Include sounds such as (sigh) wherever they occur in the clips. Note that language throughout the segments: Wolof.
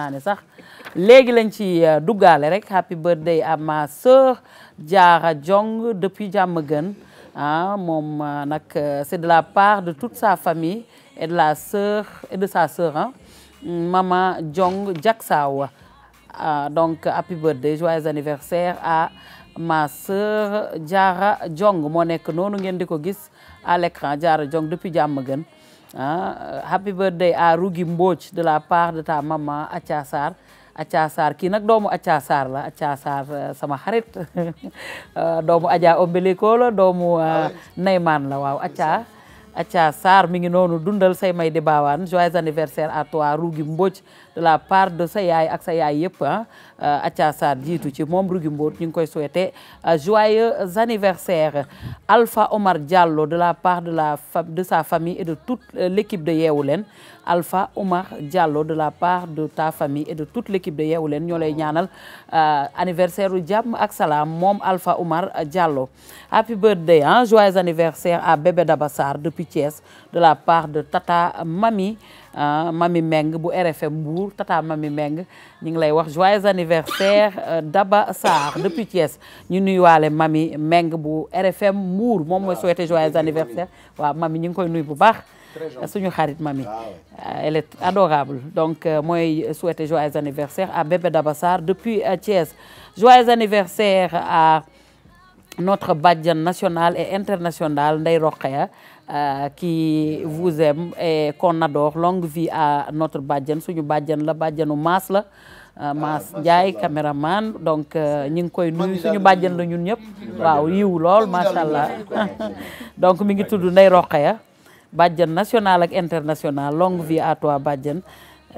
naa ne sax léegi lañ ci euh, duggaale rek happy birthday à ma sœur Diarra Diong depuis Diamaguène ah moom euh, nag euh, c'est de la part de toute sa famille et de la sœur et de sa sœur ah maman Diong Diaksaawa donc happy birthday joyeux anniversaire à ma sœur Diarra Diong moo nekk noonu ngeen di ko gis à l'écran Diarra Diong depuis Diamaguène ah happy birthday à Rougui Mbodj de la part de ta maman Acha Sarr Acha Sarr kii nag doomu Acha Sarr la Acha Sarr euh, sama xarit (laughs) euh, doomu Adja Ombeliko la doomu euh, ah Neyman la waaw Acha Acha Sarr mi ngi noonu dundal say may di baawaan joyeux anniversaire à toi Rougi Mbodj de la part de sa yaay ak sa yaay yëpp ah euh, Acha jiitu ci moom Rougi Mbodj ñu ngi koy souhaiter euh, joyeux anniversaire alfa Omar Diallo de la part de la de sa famille et de tout euh, l'équipe de Yeewu Leen Alpha Omar Diallo de la part de ta famille et de toute de Yeewu Leen ñoo lay ñaanal anniversaire u jàmm ak salaam moom Alpha Omar Diallo happy birthday ah joyeux anniversaire à bébé Daba Sarr depuis Thiès de la part de Tata Mami euh, Mami Meng bu RFM Mbour Tata Mami Meng ñu ngi lay wax joyeux anniversaire euh, Daba Sarr depuis Thiès ñu wale Mami Meng bu RFM Mbour moom mooy souhaiter joyeux anniversaire waaw Mami ñu ngi koy nuyu bu baax suñu xarit mami ah euh, elle est adorable donc mooy souhaiter joyeux anniversaire à Bébé Dabassar depuis Thiès joyeux anniversaire à notre badiane nationale et internationale Ndeye Rokhaya Euh, qui vous aime et qu'on longue vie à notre bàjjen suñu bàjjen la bàjjenu Maas la euh, ah, Maas Ndiaye caméraman donc euh, ñu ngi koy nuyu suñu bàjjen la ñun ñëpp waaw yiw lool macha (laughs) donc mi ngi tudd Ndeye Rokhaya bàjjen national ak international longue vie à toi bàjjen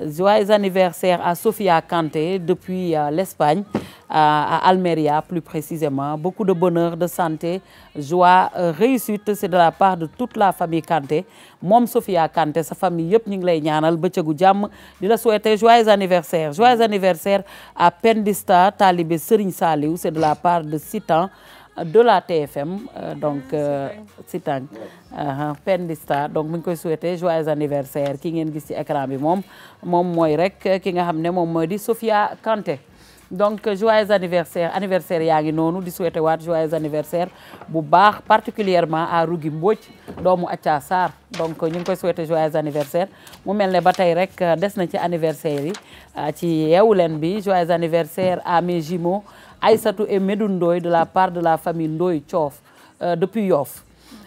Joyeux anniversaire à Sofia Kanté depuis euh, l'Espagne, euh, à Almeria plus précisément. Beaucoup de bonheur, de santé, joie, euh, réussite, c'est de la part de toute la famille Kanté. Mom Sofia Kanté, sa famille, yep, nous l'avons dit, jam, nous la souhaiter joyeux anniversaire. Joyeux anniversaire à Pendista Talibé Serigne Saliou, c'est de la part de Sitan. de la TFM euh, donc euh, Sitang euh, Pendista donc mu ngi koy souhaiter joyeux anniversaire ki ngeen gis ci écran bi moom moom mooy rek ki nga xam ne moom mooy di Sofia Kanté donc joyeux anniversaire anniversaire yaa ngi noonu di souhaiter waat joyeux anniversaire bu baax particulièrement à Rougui Mbodj doomu acca Sarr donc ñu ngi koy souhaiter joyeux anniversaire mu mel ne ba tey rek des na ci anniversaire yi ci yeewu leen bi joyeux anniversaire à mes jumeaux Aïssatou et Medoune Ndoye de la part de la famille Ndoye Thiof euh, depuis Yoff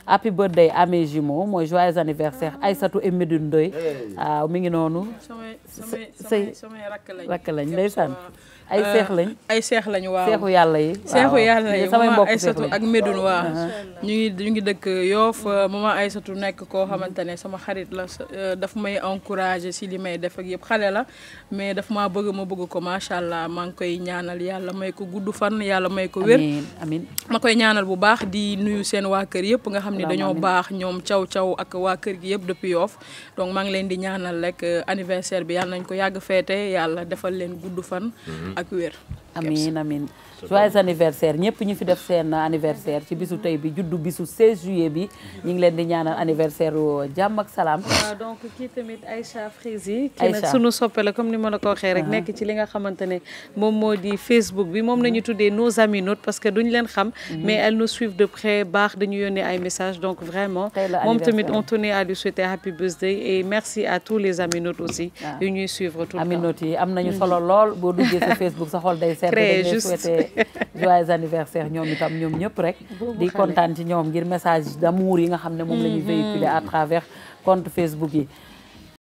happy birthday à mes jumeaux mooy joyeux anniversaire Aïssatou et Medoune Ndoye waaw mi ngi noonu. samay samay samay rakk lañ ndeysaan ay euh, seex lañ ay seex lañ waaw seexu yàlla yi. seexu yàlla yi maman Aysatu ak Médoune waaw. ñu ngi ñu ngi dëkk Yoff maman Aysatu nekk koo xamante ne sama xarit la euh, dafa may encouragé si li may def ak yëpp xale la mais daf maa bëgg ma bëgg ko macha allah maa ngi koy ñaanal yàlla may ko gudd fan yàlla may ko wér. amiin ma koy ñaanal bu baax di nuyu seen waa kër yëpp nga xam ne dañoo baax ñoom caw caw ak waa kër gi yëpp depuis yoof donc maa ngi leen di ñaanal rek euh, anniversaire bi yàlla nañ ko yàgg feete yàlla defal leen gudd fan mhm. ak wér amiin amiin joyeux anniversaire ñëpp ñu fi def seen anniversaire ci bisu tey bi juddu bisu 16 juillet bi ñu ngi leen di ñaanal anniversaire jàmm ak salaam donc kii tamit Aïcha Frézy kii nag sunu soppe la comme ni ma la ko waxee rek ah. nekk ci li nga xamante ne moom moo di Facebook bi moom nañu tuddee nos aminotes parce que duñ leen xam mhm. mais elles nous suivent de près baax dañu yónnee ay messages donc vraiment moom tamit on tenait à lui souhaiter happy les aminotes aussi ah. ñuy suivre am nañu mhm. solo lool boo duggee sa Facebook sa anniversaire créé juste (laughs) joyeux anniversaire ñoom itam ñoom ñëpp rek di kontaan ci ñoom ngir message d'amour yi nga xam ne moom lañu ñuy mm-hmm. véhiculer à travers compte Facebook yi